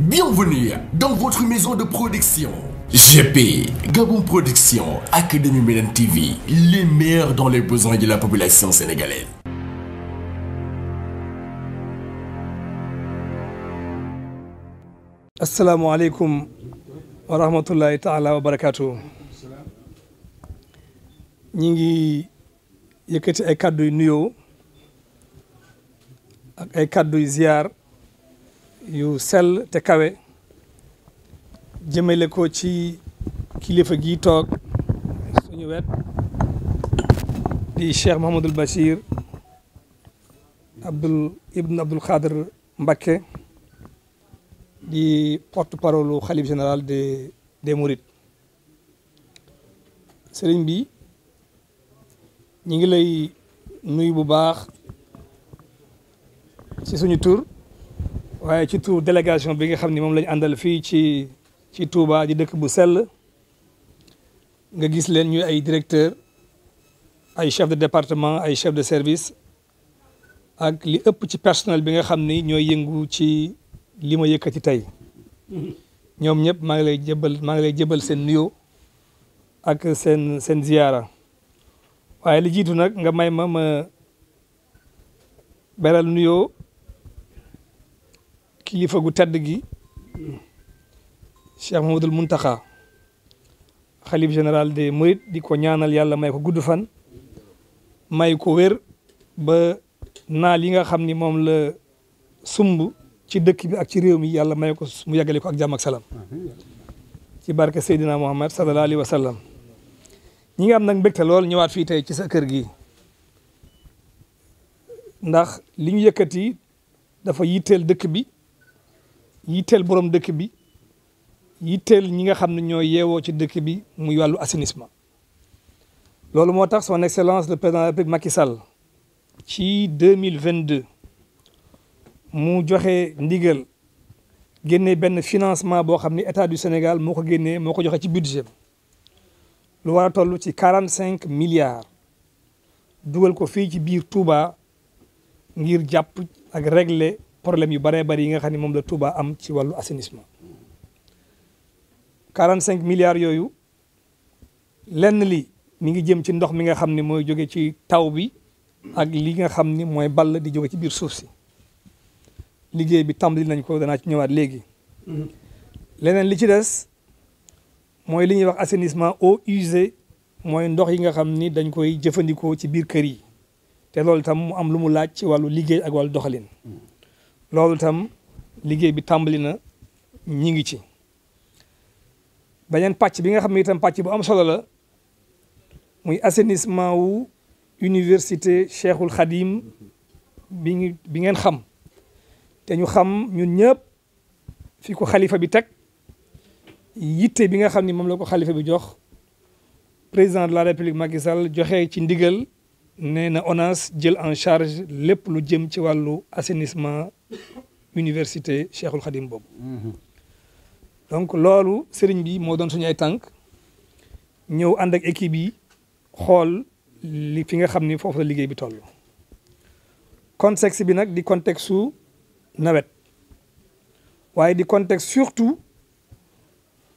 Bienvenue dans votre maison de production. GP, Gabon Production, Académie Médan TV, les meilleurs dans les besoins de la population sénégalaise. asalaamaaleykum wa rahmatullahi taala wa barakaatu. ñi ngi yëkkati ay kàddu yu nuyoo ak ay kàddu yu ziar. yu sel te kawe jëmale ko ci kilifa gi toog suñu wet di Cheikh Mouhamadul Bachir Abdoul Ibn Abdoul Khader Mbacké di porte-parole u général des des Mourides sëriñ bi ñi ngi lay nuyu bu baax ci suñu tur waaye ci tur délégation bi nga xam ne moom lañ ñu àndal fii ci ci Touba di dëkk bu sell nga gis leen ñuy ay directeur ay chef de département ay chef de service ak li ëpp ci personnel bi nga xam ni ñooy yëngu ci li ma ci tey ñoom ñëpp maa ngi lay jëbal maa ngi lay jëbal seen nuyo ak seen seen ziyaara waaye li jiitu nag nga may ma ma beral nuyoo kilifa gu tedd gi Cheikh Mamadul Muntaxa xalif général des Mourides di ko ñaanal yàlla may ko gudd fan may ko wér ba naal yi nga xam ni moom la sumb ci dëkk bi ak ci réew mi yàlla may ko mu yàggale ak jàmm ak salaam ci barke Seydina Muhammad sallallahu alayhi wa sallam ñi nga am nag mbégte lool ñëwaat fii tey ci sa kër gi ndax li ñu yëkkati dafa yitteel dëkk bi yitteel borom dëkk bi yitteel ñi nga xam ne ñoo yeewoo ci dëkk bi muy wàllu assainissement loolu moo tax son excellence le président de la République Macky Sall ci deux mille vingt deux mu joxe ndigal génne benn financement boo xam ne état du Sénégal moo ko génnee moo ko joxe ci budget lu war a toll ci quarante cinq milliards dugal ko fii ci biir Touba ngir jàpp ak régler. problème yu bëree bëri yi nga xam ne moom la Touba am ci wàllu quarante cinq milliards yooyu lenn li mu ngi jëm ci ndox mi nga xam ne mooy jóge ci taw bi ak li nga xam ni mooy ball di jóge ci biir suuf si liggéey bi tàmbali nañ ko danaa ci ñëwaat léegi leneen li ci des mooy li ñuy wax assainissement eaux usées mooy ndox yi nga xam ni dañ koy jëfandikoo ci biir kër yi te loolu tam mu am lu mu laaj ci wàllu liggéey ak wàllu doxalin loolu itam liggéey bi tàmbali na ñi ngi ci beneen pàcc bi nga xam ne itam pàcc bu am solo la muy assainissement wu université Cheikhul Khadim bi ngi ngeen xam te ñu xam ñun ñëpp fi ko xalifa bi teg yitte bi nga xam ni moom la ko xalifa bi jox président de la république Macky Sall joxe ci ndigal nee na ONAS jël en charge lépp lu jëm ci wàllu assainissement université Cheikhul Khadim boobu. Mhm. donc loolu sëriñ bi moo doon suñu ay tànk ñëw ànd ak équipe yi xool li fi nga xam ni foofu la liggéey bi toll. contexte bi nag di contexte su nawet waaye di contexte surtout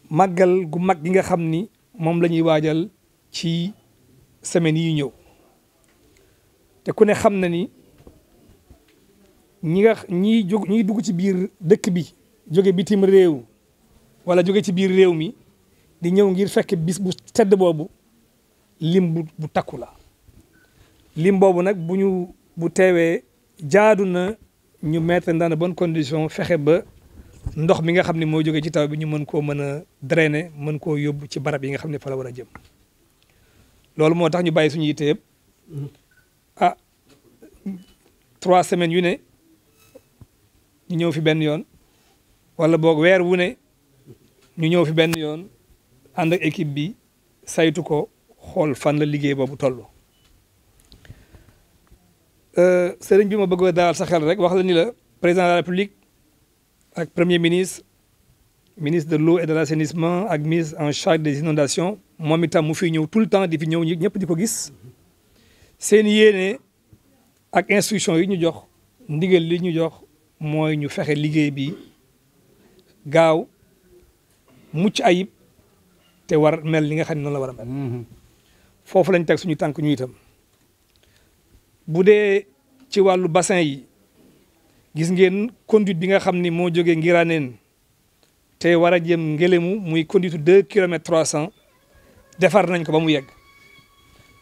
màggal gu mag gi nga xam ni moom la ñuy waajal ci semaine yi ñëw. te ku ne xam na ni ñi nga ñiy jóg ñiy dugg ci biir dëkk bi jóge bitim réew wala jóge ci biir réew mi di ñëw ngir fekk bis bu tedd boobu lim bu bu takku la lim boobu nag bu ñu bu teewee jaadu na ñu mettre dans bon condition fexe ba ndox mi nga xam ni moo jóge ci taw bi ñu mën koo mën a drainer mën koo yóbbu ci barab yi nga xam ne fa la war a jëm loolu moo tax ñu bàyyi suñu yite yëpp mm-hmm. ah trois semaines yu ne ñu ñëw fi benn yoon wala boog weer wu ne ñu ñëw fi benn yoon ànd ak équipe bi saytu ko xool fan la liggéey boobu toll. Euh, sëriñ bi ma bëgg a dalal sa xel rek wax la ni la président de la république ak premier ministre ministre de l'eau et de l'assainissement ak ministre en charge des inondations moom itam mu fi ñëw tout le temps di fi ñëw ñëpp di ko gis. seen yéene ak instruction yi ñu jox ndigal li ñu jox mooy ñu fexe liggéey bi gaaw mucc ayib te war mel li nga xam ne noonu la war a mel. Mm-hmm. foofu lañu teg suñu tànk ñu itam bu dee ci wàllu bassin yi gis ngeen conduite bi nga xam ni moo jógee Ngiraneen te war a jëm Ngélémou muy conduite deux kilomètres trois cent defar nañ ko ba mu yegg.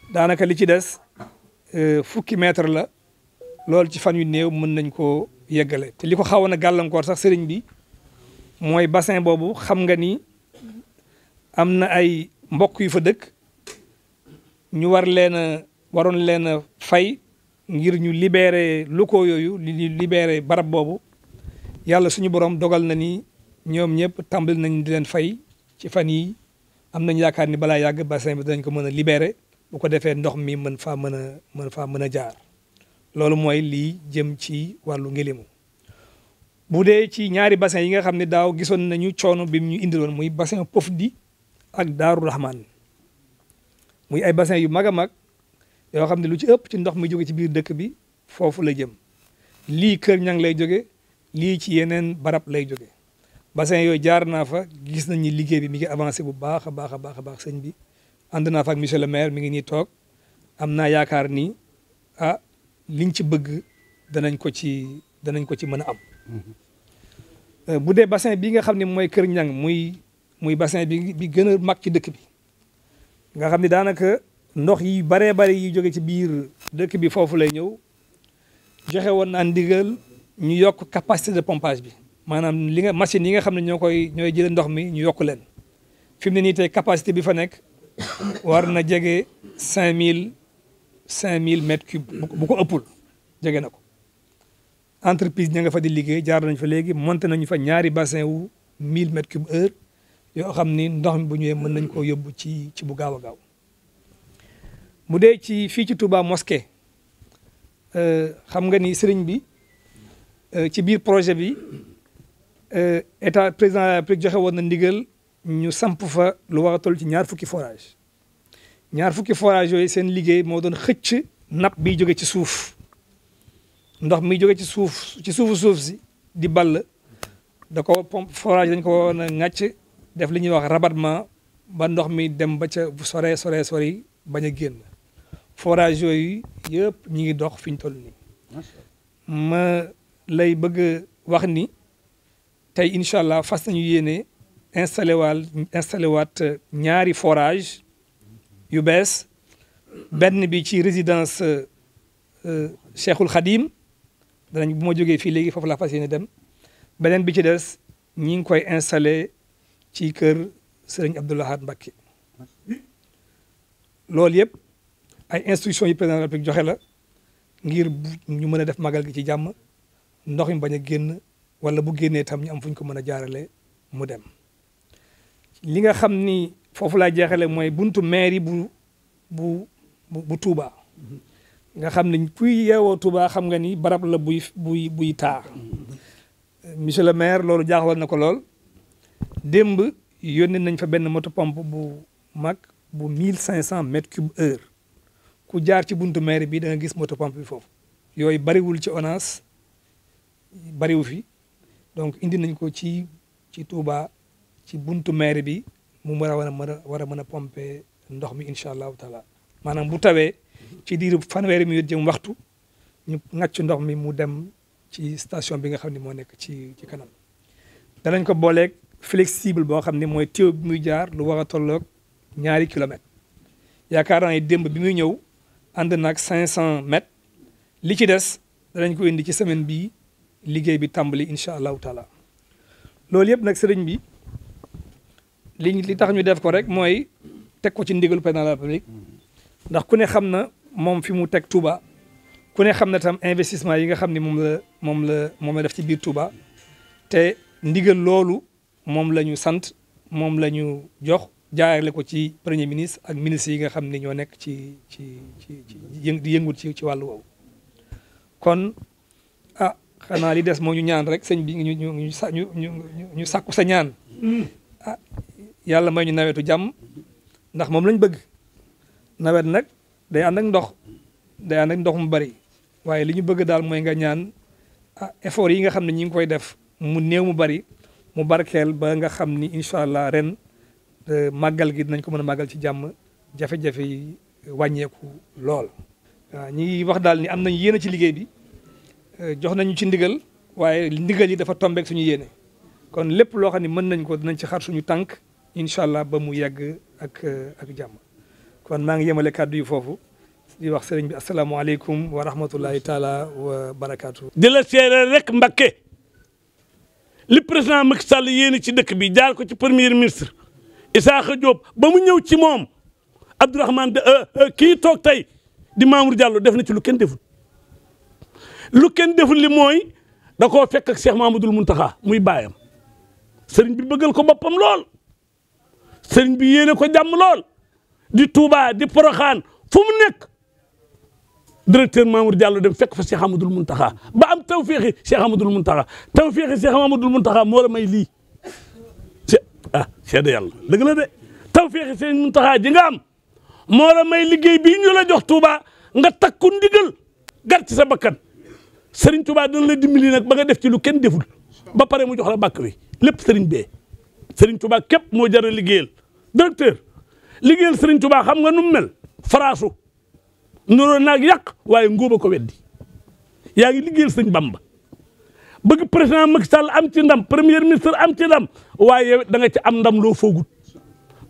daanaka li ci des euh, fukki mètre la loolu ci fan yu néew mën nañ koo yeggale te li ko xawoon a gàllankoor sax sëriñ bi mooy bassin boobu xam nga ni am na ay mbokk yu fa dëkk ñu war leen waroon leen fay ngir ñu libéré locaux yooyu li libéré barab boobu yàlla suñu borom dogal na ni ñoom ñëpp tàmbali nañ di leen fay ci fan yi am nañ yaakaar ni balaa yàgg bassin bi dañ ko mën a libéré bu ko defee ndox mi mën faa mën a mën faa mën a jaar loolu mooy lii jëm ci wàllu ngelimu bu dee ci ñaari bassin yi nga xam ne daaw gisoon nañu coono bi ñu indiloon muy bassin Pofdy ak Daaru Rahman muy ay bassin yu mag a mag yoo xam ne lu ci ëpp ci ndox mi jóge ci biir dëkk bi foofu la jëm lii Kër Ñang lay jóge lii ci yeneen barab lay jóge bassin yooyu jaar naa fa gis nañu liggéey bi mi ngi avancé bu baax a baax baax a baax sëñ bi ànd naa fa le maire mi ngi nii toog am naa yaakaar ni ah liñ ci bëgg danañ ko ci danañ ko ci mën a am. Mm-hmm. Euh, bu dee bassin bi nga xam ne mooy Kër Ñang muy muy bassin bi bi gën a mag ci dëkk bi nga xam ne daanaka ndox yi baree bari yi jóge ci biir dëkk bi foofu lay ñëw joxe woon naa ndigal ñu yokk capacité de pompage bi maanaam li nga machine yi nga xam ne ñoo koy ñooy jële ndox mi ñu yokk leen fi mu nii tey capacité bi fa nekk. war na jege cinq mille cinq mille mètres cubes bu ko ëppul jege na ko entreprise ña nga fa di liggéey jaar nañ fa léegi monté nañu fa ñaari bassin wu mille mètres cubes heure yoo xam ni ndox mi bu ñëwee mën nañ koo yóbbu ci ci bu gaaw a gaaw mu dee ci fii ci Touba mosquée euh, xam nga ni sëriñ bi euh, ci biir projet bi euh, état président de joxe woon na ndigal ñu samp fa lu war a ci ñaar fukki forage ñaar fukki forage yooyu seen liggéey moo doon xëcc napp biy jóge ci suuf ndox mi jóge ci suuf ci suufu suuf si di ball da ko pompe forage dañ ko def li ñuy wax rabattement ba ndox mi dem ba ca sore sore sori bañ a génn forage yooyu yëpp ñu ngi dox fi ñu toll nii ma lay bëgg wax ni tey incha allah fas nañu yéene installé waal installé waat euh, ñaari forage yu bees benn bi ci résidence euh, euh, Cheikhul Khadim danañ bu ma jógee fii léegi foofu laa fas yéene dem beneen bi ci des ñi ngi koy installé ci kër Serigne Abdou Lahad Mbacké loolu yëpp ay instructions yi président de la joxe la ngir ñu mën a def magal gi ci jàmm ndox mi bañ a génn wala bu génnee tam ñu am fu ñu ko mën a jaarale mu dem li nga xam ni foofu laa jeexale mooy buntu mairie bu bu bu Touba nga xam ne kuy yeewoo Touba xam nga ni barab la buy buy buy taa monsieur le maire loolu jaaxal na ko lool démb yónnee nañ fa benn moto pompe bu mag bu mille cinq cent mètres cube heure ku jaar ci buntu mairie bi da gis moto pompe bi foofu yooyu bariwul ci ONAS bariwu fi donc indi nañ ko ci ci Touba ci buntu maire bi mu war a war a mën a war a mën a pomper ndox mi incha allahu taala maanaam bu tawee ci diiru fanweeri minute jëm waxtu ñu ŋàcc ndox mi mu dem ci station bi nga xam ne moo nekk ci ci kanam danañ ko booleeg flexible boo xam ne mooy téew bi muy jaar lu war a tolloog ñaari kilomètres yaakaar naa ne démb bi muy ñëw ànd naag cent mètres li ci des danañ ko indi ci semaine bi liggéey bi tàmbali incha allahu taala loolu yëpp nag sëriñ bi li li tax ñu def ko rek mooy teg ko ci ndigal président de la République ndax ku ne xam na moom fi mu teg Touba ku ne xam na tam investissement yi nga xam ni moom la moom la moom la def ci biir Touba te ndigal loolu moom la ñu sant moom la ñu jox jaarale ko ci premier ministre ak ministre yi nga xam ni ñoo nekk ci ci ci ci di yëngu ci ci wàllu woowu kon ah xanaa li des moo ñu ñaan rek sëñ bi ñu ñu ñu ñu sàkku sa ñaan mm. yàlla may ñu nawetu jàmm ndax moom lañ bëgg nawet nag day ànd ak ndox day ak ndox mu bari waaye li ñu bëgg daal mooy nga ñaan ah effort yi nga xam ne ñu ngi koy def mu néew mu bari mu barkeel ba nga xam ni incha allah ren màggal gi dinañ ko mën a màggal ci jàmm jafe-jafe yi wàññeeku lool. waaw ah, ñiy wax daal ni am nañ yéene ci liggéey bi eh, jox nañu ci ndigal waaye ndigal yi dafa tombeek suñu yéene kon lépp loo xam ne mën nañ ko dinañ ci xar suñu tànk. incha allah ba mu yegg ak euh, ak jàmm kon maa ngi yemale kàddu yi foofu di wax sëriñ bi asalaamaaleykum wa rahmatullahi taala wa barakaatu. di la seeree rek Mbakke li président Macky Sall yéene ci dëkk bi jaar ko ci premier ministre Isaaxa Diop ba mu ñëw ci moom Abdourahmane euh, euh, kii toog tey di Mamour Diallo def na ci lu kenn deful lu kenn deful li mooy da koo fekk ak Cheikh Mamadou Mountakha muy baayam sëriñ bi bëggal ko boppam lool. sëriñ bi yéene ko jàmm lool di Touba di Poroxaan fu mu nekk directeur Mamour Diallo dem fekk fa Cheikh mun Mountakha ba am tawféexi Cheikh Amadou Mountakha tawféexi Cheikh Amadou Mountakha moo la may lii ah seede yàlla dëgg la de tawféexi Cheikh Mountakha ji nga am moo la may liggéey bii ñu la jox Touba nga takku ndigal gar ci sa bakkan sëriñ Touba dana la dimbali nag ba nga def ci lu kenn deful ba pare mu jox la bàkk wi lépp sëriñ bee Serigne Touba képp moo jar a liggéeyal directeur liggéeyal Serigne Touba nga nu mu mel faraasu nuroo naag yàq waaye ngóoba ko weddi yaa ngi liggéeyal Serigne Bamba bëgg président Macky Sall am ci ndam premier ministre am ci ndam waaye yow da nga ci am ndam loo foogut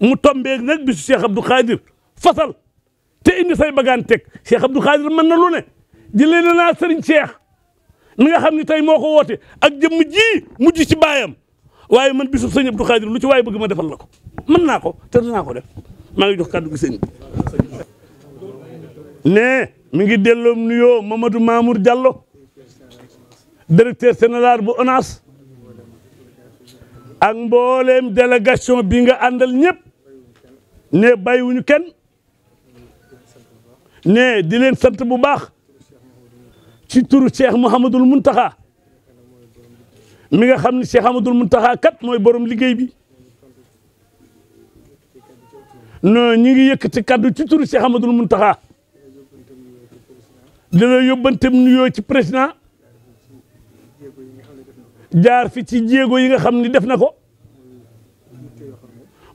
mu tombeeg nag bisu Cheikh Abdou Khadir fasal te indi say bagaan teg Cheikh Abdou Khadir mën na lu ne jëlee na naa Serigne Cheikh mi nga xam ni tey moo ko woote ak jëmm ji mujj ci baayam waaye man bisub sëñ Abdou Khadir lu ci waaye bëgg ma defal la ko mën naa ko te naa ko def maa ngi jox kàddu gi sëñ bi mi ngi delloo nuyoo Mamadou Mamour Diallo directeur général bu onaas ak mbooleem délégation bi nga àndal ñëpp ne bàyyiwuñu kenn ne di leen sant bu baax ci turu Cheikh Mouhamadul Muntaxa mi nga xam ne Cheikh Amadou Mountakha kat mooy borom liggéey bi non ñu ngi yëkkati kaddu ci turu Cheikh Amadou Mountakha dina yóbbanteem nuyoo ci président jaar fi ci jéego yi nga xam ni def na ko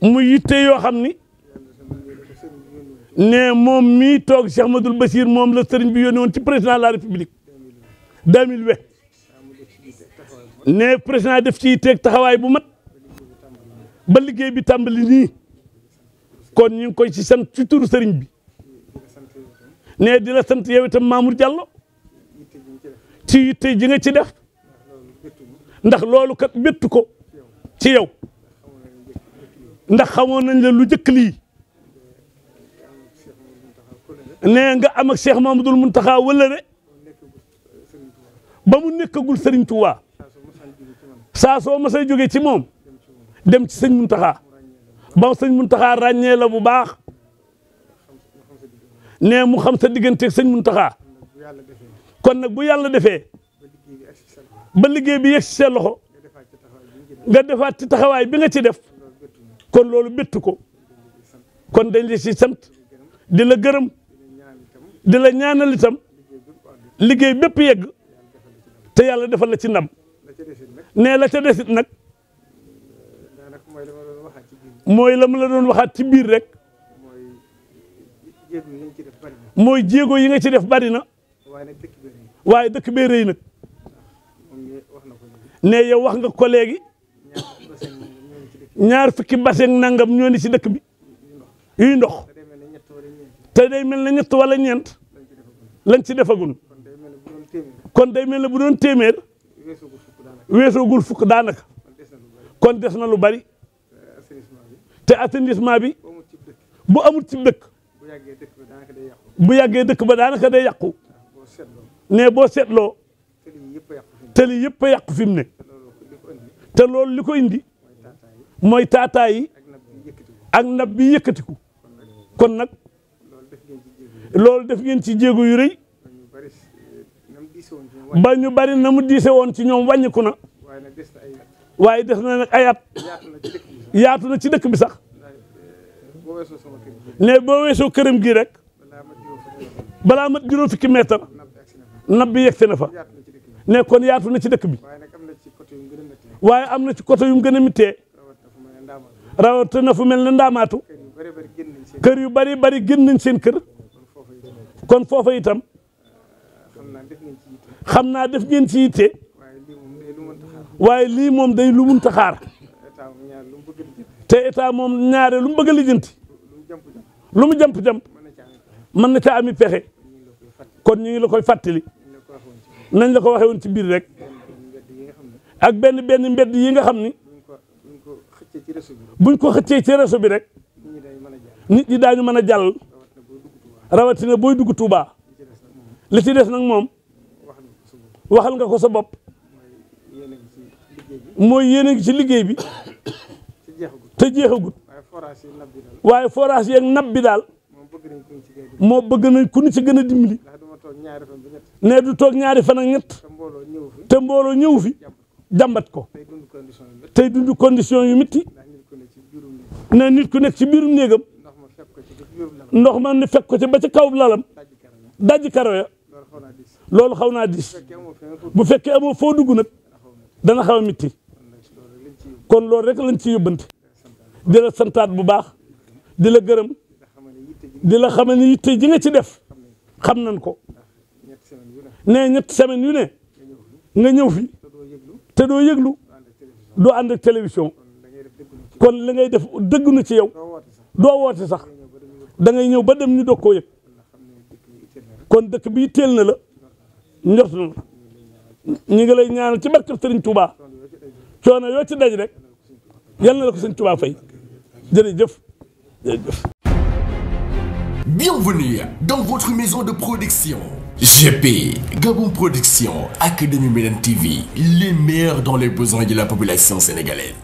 mu yitte yoo xam ni ne moom mii toog Cheikh Amadou Bassir moom la sëriñ bi yónni woon ci président la république 2008 ne président def ci teeg taxawaay bu mat ba liggéey bi tàmbali nii kon ñu ngi koy ci sant ci turu sëriñ bi ne di la sant yow itam Mamour Diallo ci yitte ji nga ci def ndax loolu kat bettu ko ci yow ndax xamoon nañ la lu jëkk lii nee nga am ak Cheikh Mamadou Mountakha wala re ba mu nekkagul sëriñ tuwa saa soo ma say jógee ci moom dem ci sëñ Muntaxa ba sëñ Muntaxa ràññee la bu baax ne mu xam sa diggante digganteeg sëñ Muntaxa kon nag bu yàlla defee ba liggéey bi yegg si sa loxo nga defaat ci taxawaay bi nga ci def kon loolu béttu ko kon dañ la si sant di la gërëm di la ñaanal itam liggéey bépp yegg te yàlla defal la ci nam nee la ca desit nag mooy la mu la doon waxaat ci biir rek mooy jéego yi nga ci def bari na waaye dëkk bee rëy nag nee yow wax nga ko léegi ñaar fukki bassin nangam ñoo ni ci dëkk bi yuy ndox te day mel na ñett wala ñeent lañ ci defagul kon day mel ne bu doon téeméer weesoogul fukk daanaka kon des na lu bari te assainissement bi bu amul ci dëkk bu yàggee dëkk ba daanaka day yàqu ne boo seetloo tëli yëpp a yàqu fi ne te loolu li ko indi mooy taataa yi ak nab bi yëkkatiku kon nag loolu def ngeen ci jéego yu rëy ba ñu bari na mu diise woon ci ñoom wàññiku na waaye des na nag ay at yaatu na ci dëkk bi sax eh, ne boo weesoo këram gii rek balaa mat juróom fukki meetar nab bi yegg si na fa ne kon yaatu na ci dëkk bi waaye am na ci côté yu gën a mittee rawat na fu mel ne ndaamaatu kër yu bari bari génn nañ seen kër kon foofa itam eh, xam naa def ngeen ci yitte waaye lii moom day lu munta xaar te état moom ñaare lu mu bëgg a lijjanti lu mu jamp-jamp mën na ca ami pexe kon ñu la koy fàttali nañ la ko waxee woon ci biir rek ak benn benn mbedd yi nga xam ni buñ ko xëccee ci réseau bi rek nit ñi daañu mën a jàll rawatina booy dugg Touba li ci des nag moom waxal nga ko sa bopp mooy yéen a ngi ci liggéey bi te jeexagut waaye forage yeeg nab bi daal moo bëgg nañ ku ñu ci gën a dimbali ne du toog ñaari fan ak ñett te mbooloo ñëw fi jambat ko tey dund condition yu métti na nit ku nekk ci biirum néegam ndox ma ni fekk ko ci ba ci kaw lalam dajji karo ya loolu xaw naa dis bu fekkee amoo foo dugg nag dana xaw a mitti kon loolu rek lañ ci yóbbante di la santaat bu baax di la gërëm di la xamal ni yitte ji nga ci def xam nañ ko nee ñetti semaine yu ne nga ñëw fi te doo yëglu doo ànd ak télévision kon li ngay def dëgg nu ci yow doo woote sax da ngay ñëw ba dem ñu doog koo yëg kon dëkk bii teel na la njort na la ñu ngi lay ñaanal ci barkab Sëriñ Touba coono yoo ci daj rek yal na la ko Sëriñ Touba fay jërëjëf jërëjëf. Bienvenue dans votre maison de production. GP, Gabon Production, Académie Médan TV, les meilleurs dans les besoins de la population sénégalaise.